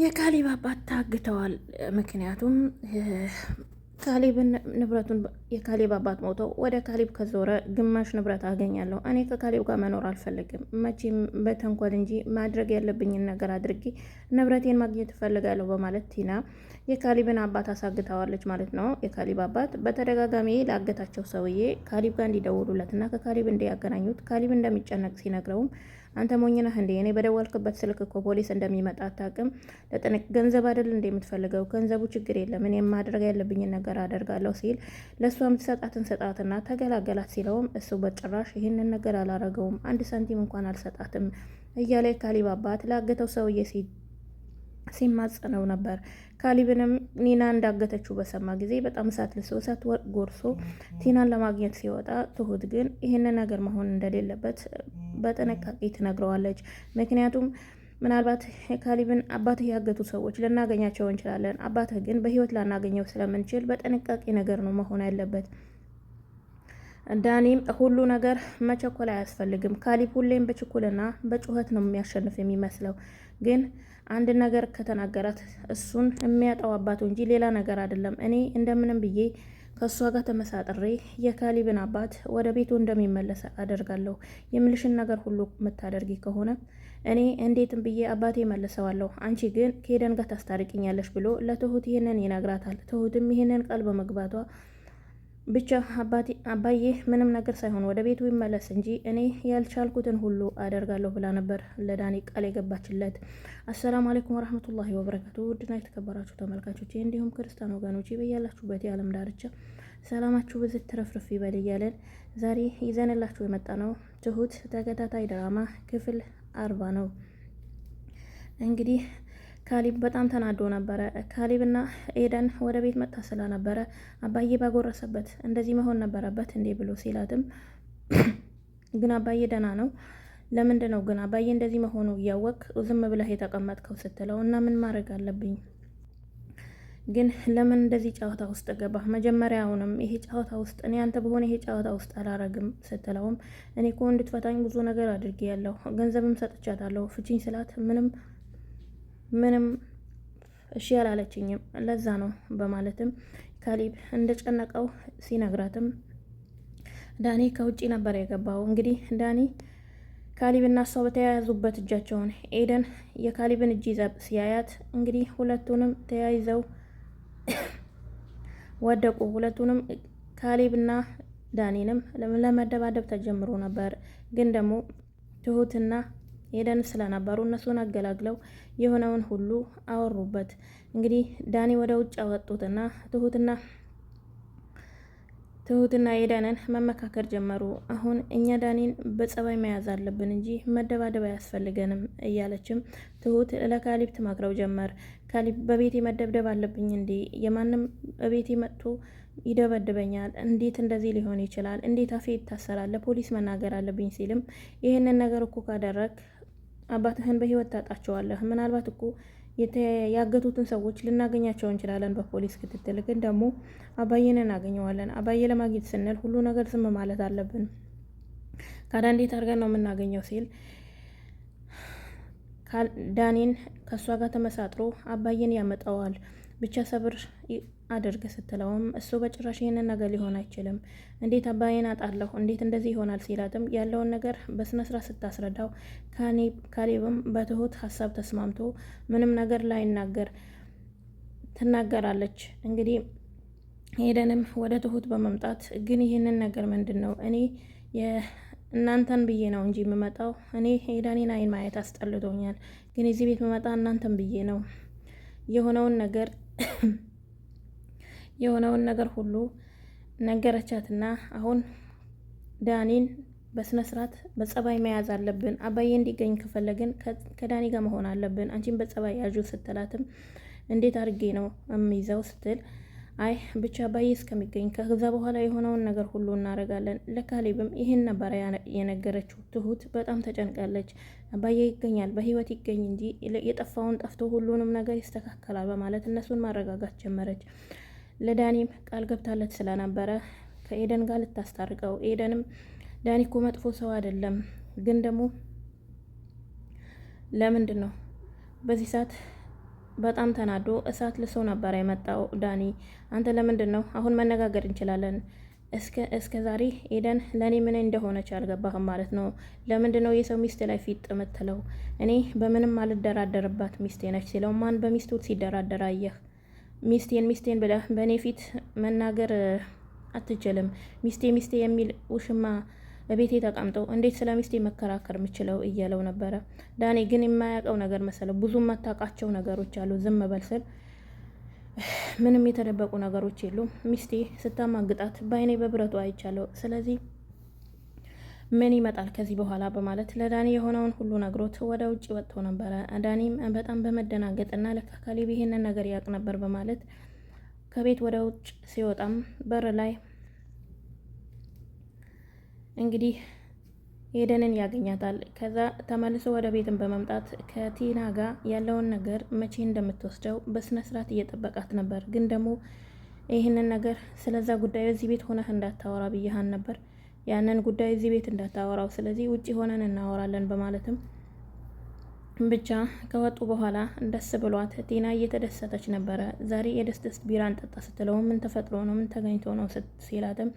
የካሊብ አባት ታግተዋል። ምክንያቱም ካሊብ ንብረቱን የካሊብ አባት ሞተው ወደ ካሊብ ከዞረ ግማሽ ንብረት አገኛለሁ። እኔ ከካሊብ ጋር መኖር አልፈልግም። መቼም በተንኮል እንጂ ማድረግ ያለብኝን ነገር አድርጌ ንብረቴን ማግኘት እፈልጋለሁ በማለት ቲና የካሊብን አባት አሳግታዋለች ማለት ነው። የካሊብ አባት በተደጋጋሚ ላገታቸው ሰውዬ ካሊብ ጋር እንዲደውሉለት እና ከካሌብ እንዲያገናኙት ካሊብ እንደሚጨነቅ ሲነግረውም አንተ ሞኝ ነህ እንዴ? እኔ በደወልክበት ስልክ እኮ ፖሊስ እንደሚመጣ አታውቅም። ለጥንቅ ገንዘብ አይደል እንዴ የምትፈልገው? ገንዘቡ ችግር የለም እኔ ማድረግ ያለብኝን ነገር አደርጋለሁ ሲል ለእሷ የምትሰጣትን ሰጣትና ተገላገላት ሲለውም እሱ በጭራሽ ይህንን ነገር አላረገውም፣ አንድ ሳንቲም እንኳን አልሰጣትም እያለ ካሊብ አባት ላገተው ሰውዬ ሲ ሲማጸነው ነበር። ካሊብንም ኒና እንዳገተችው በሰማ ጊዜ በጣም እሳት ልሶ እሳት ጎርሶ ቲናን ለማግኘት ሲወጣ ትሁት ግን ይህንን ነገር መሆን እንደሌለበት በጥንቃቄ ትነግረዋለች። ምክንያቱም ምናልባት ካሊብን አባት ያገቱ ሰዎች ልናገኛቸው እንችላለን። አባትህ ግን በህይወት ላናገኘው ስለምንችል በጥንቃቄ ነገር ነው መሆን ያለበት። ዳኒም ሁሉ ነገር መቸኮል አያስፈልግም። ካሊብ ሁሌም በችኩልና በጩኸት ነው የሚያሸንፍ የሚመስለው፣ ግን አንድ ነገር ከተናገራት እሱን የሚያጣው አባቱ እንጂ ሌላ ነገር አይደለም። እኔ እንደምንም ብዬ ከእሷ ጋር ተመሳጥሬ የካሊብን አባት ወደ ቤቱ እንደሚመለስ አደርጋለሁ። የምልሽን ነገር ሁሉ የምታደርጊ ከሆነ እኔ እንዴትም ብዬ አባቴ መልሰዋለሁ። አንቺ ግን ከሄደን ጋር ታስታርቅኛለሽ ብሎ ለትሁት ይህንን ይነግራታል። ትሁትም ይህንን ቃል በመግባቷ ብቻ አባዬ ምንም ነገር ሳይሆን ወደ ቤቱ ይመለስ እንጂ እኔ ያልቻልኩትን ሁሉ አደርጋለሁ ብላ ነበር ለዳኒ ቃል የገባችለት። አሰላሙ አሌይኩም ወረህመቱላሂ ወበረካቱ። ውድና የተከበራችሁ ተመልካቾች እንዲሁም ክርስቲያን ወገኖች በያላችሁበት የዓለም ዳርቻ ሰላማችሁ ብዝት ትረፍርፍ ይበል እያለን ዛሬ ይዘንላችሁ የመጣ ነው ትሁት ተከታታይ ድራማ ክፍል አርባ ነው እንግዲህ ካሊብ በጣም ተናዶ ነበረ። ካሊብና ኤደን ወደ ቤት መጣ ስለነበረ አባዬ ባጎረሰበት እንደዚህ መሆን ነበረበት እንዴ ብሎ ሲላትም፣ ግን አባዬ ደህና ነው ለምንድን ነው ግን አባዬ እንደዚህ መሆኑ እያወቅ ዝም ብለህ የተቀመጥከው ስትለው እና ምን ማድረግ አለብኝ ግን ለምን እንደዚህ ጨዋታ ውስጥ ገባ? መጀመሪያውንም ይሄ ጨዋታ ውስጥ እኔ አንተ በሆነ ይሄ ጨዋታ ውስጥ አላረግም ስትለውም እኔ እኮ እንድትፈታኝ ብዙ ነገር አድርጌ ያለሁ ገንዘብም ሰጥቻታለሁ ፍቺኝ ስላት ምንም ምንም እሺ አላለችኝም። ለዛ ነው በማለትም ካሊብ እንደጨነቀው ሲነግራትም ዳኒ ከውጭ ነበር የገባው። እንግዲህ ዳኒ ካሊብ እና እሷ በተያያዙበት እጃቸውን ኤደን የካሊብን እጅ ይዛ ሲያያት እንግዲህ ሁለቱንም ተያይዘው ወደቁ። ሁለቱንም ካሊብና ዳኒንም ለመደባደብ ተጀምሮ ነበር ግን ደግሞ ትሁትና የደን ስለነበሩ እነሱን አገላግለው የሆነውን ሁሉ አወሩበት። እንግዲህ ዳኒ ወደ ውጭ አወጡትና ትሁትና ትሁትና ኤደንን መመካከር ጀመሩ። አሁን እኛ ዳኒን በጸባይ መያዝ አለብን እንጂ መደባደብ አያስፈልገንም እያለችም ትሁት ለካሊብ ትመክረው ጀመር። ካሊብ በቤቴ መደብደብ አለብኝ እንዴ? የማንም በቤቴ መጥቶ ይደበድበኛል። እንዴት እንደዚህ ሊሆን ይችላል? እንዴት አፌ ይታሰራል? ለፖሊስ መናገር አለብኝ ሲልም ይህንን ነገር እኮ ካደረግ አባትህን በህይወት ታጣቸዋለህ። ምናልባት እኮ ያገቱትን ሰዎች ልናገኛቸው እንችላለን በፖሊስ ክትትል። ግን ደግሞ አባዬን እናገኘዋለን። አባዬ ለማግኘት ስንል ሁሉ ነገር ዝም ማለት አለብን። ካዳ እንዴት አድርገን ነው የምናገኘው ሲል ዳኒን ከእሷ ጋር ተመሳጥሮ አባዬን ያመጣዋል። ብቻ ሰብር አድርግ ስትለውም እሱ በጭራሽ ይህንን ነገር ሊሆን አይችልም፣ እንዴት አባዬን አጣለሁ፣ እንዴት እንደዚህ ይሆናል ሲላትም ያለውን ነገር በስነ ስታስረዳው ካሌብም በትሁት ሀሳብ ተስማምቶ ምንም ነገር ላይናገር ትናገራለች። እንግዲህ ሄደንም ወደ ትሁት በመምጣት ግን ይህንን ነገር ምንድን ነው እኔ እናንተን ብዬ ነው እንጂ የምመጣው እኔ ሄዳኔን አይን ማየት አስጠልቶኛል፣ ግን የዚህ ቤት መመጣ እናንተን ብዬ ነው የሆነውን ነገር የሆነውን ነገር ሁሉ ነገረቻትና አሁን ዳኒን በስነ ስርዓት በጸባይ መያዝ አለብን። አባዬ እንዲገኝ ከፈለግን ከዳኒ ጋር መሆን አለብን። አንቺን በጸባይ ያዥ ስትላትም እንዴት አድርጌ ነው የሚይዘው ስትል አይ ብቻ አባዬ እስከሚገኝ ከዛ በኋላ የሆነውን ነገር ሁሉ እናደርጋለን። ለካሌብም ይህን ነበረ የነገረችው። ትሁት በጣም ተጨንቃለች። አባዬ ይገኛል በህይወት ይገኝ እንጂ የጠፋውን ጠፍቶ ሁሉንም ነገር ይስተካከላል በማለት እነሱን ማረጋጋት ጀመረች። ለዳኒም ቃል ገብታለት ስለነበረ ከኤደን ጋር ልታስታርቀው፣ ኤደንም ዳኒ እኮ መጥፎ ሰው አይደለም፣ ግን ደግሞ ለምንድን ነው በዚህ ሰዓት በጣም ተናዶ እሳት ልሶ ነበር የመጣው። ዳኒ አንተ ለምንድን ነው አሁን መነጋገር እንችላለን። እስከ ዛሬ ኤደን ለእኔ ምን እንደሆነች አልገባህም ማለት ነው። ለምንድን ነው የሰው ሚስት ላይ ፊት የምትለው? እኔ በምንም አልደራደርባት ሚስቴ ነች ሲለው ማን በሚስቱ ሲደራደር አየህ? ሚስቴን ሚስቴን ብለህ በእኔ ፊት መናገር አትችልም። ሚስቴ ሚስቴ የሚል ውሽማ በቤቴ ተቀምጦ እንዴት ስለ ሚስቴ መከራከር የምችለው እያለው ነበረ። ዳኔ ግን የማያውቀው ነገር መሰለው። ብዙ የማታውቃቸው ነገሮች አሉ። ዝም በል ስል ምንም የተደበቁ ነገሮች የሉም። ሚስቴ ስታማግጣት በአይኔ በብረቱ አይቻለው። ስለዚህ ምን ይመጣል ከዚህ በኋላ በማለት ለዳኒ የሆነውን ሁሉ ነግሮት ወደ ውጭ ወጥቶ ነበረ። ዳኒም በጣም በመደናገጥና ለካ ካሌብ ይሄንን ነገር ያውቅ ነበር በማለት ከቤት ወደ ውጭ ሲወጣም በር ላይ እንግዲህ ኤደንን ያገኛታል። ከዛ ተመልሶ ወደ ቤትን በመምጣት ከቲና ጋር ያለውን ነገር መቼ እንደምትወስደው በስነስርዓት እየጠበቃት ነበር። ግን ደግሞ ይህንን ነገር ስለዛ ጉዳዩ እዚህ ቤት ሆነህ እንዳታወራ ብያሃን ነበር ያንን ጉዳይ እዚህ ቤት እንዳታወራው፣ ስለዚህ ውጭ ሆነን እናወራለን በማለትም ብቻ ከወጡ በኋላ ደስ ብሏት ቲና እየተደሰተች ነበረ። ዛሬ የደስደስ ቢራ እንጠጣ ስትለው ምን ተፈጥሮ ነው ምን ተገኝቶ ነው ሲላትም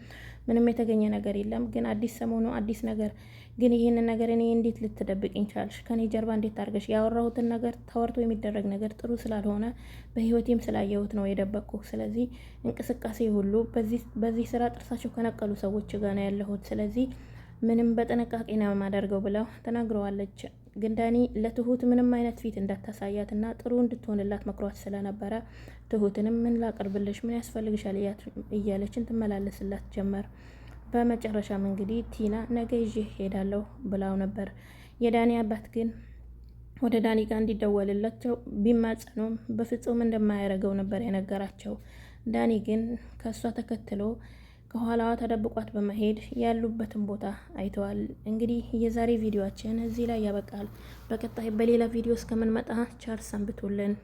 ምንም የተገኘ ነገር የለም ግን አዲስ ሰሞኑ አዲስ ነገር ግን ይህንን ነገር እኔ እንዴት ልትደብቅኝ ቻልሽ? ከኔ ጀርባ እንዴት ታርገሽ? ያወራሁትን ነገር ተወርቶ የሚደረግ ነገር ጥሩ ስላልሆነ በህይወቴም ስላየሁት ነው የደበቅኩ። ስለዚህ እንቅስቃሴ ሁሉ በዚህ ስራ ጥርሳቸው ከነቀሉ ሰዎች ጋር ነው ያለሁት። ስለዚህ ምንም በጥንቃቄ ነው የማደርገው ብለው ተናግረዋለች። ግን ዳኒ ለትሁት ምንም አይነት ፊት እንዳታሳያትና ጥሩ እንድትሆንላት መክሯት ስለነበረ ትሁትንም ምን ላቅርብልሽ፣ ምን ያስፈልግሻል እያለችን ትመላለስላት ጀመር። በመጨረሻም እንግዲህ ቲና ነገ ይዤ ሄዳለሁ ብላው ነበር። የዳኒ አባት ግን ወደ ዳኒ ጋር እንዲደወልላቸው ቢማጸኑም በፍጹም እንደማያደርገው ነበር የነገራቸው። ዳኒ ግን ከእሷ ተከትሎ ከኋላዋ ተደብቋት በመሄድ ያሉበትን ቦታ አይተዋል። እንግዲህ የዛሬ ቪዲዮችን እዚህ ላይ ያበቃል። በቀጣይ በሌላ ቪዲዮ እስከምንመጣ ቸር ሰንብቱልን።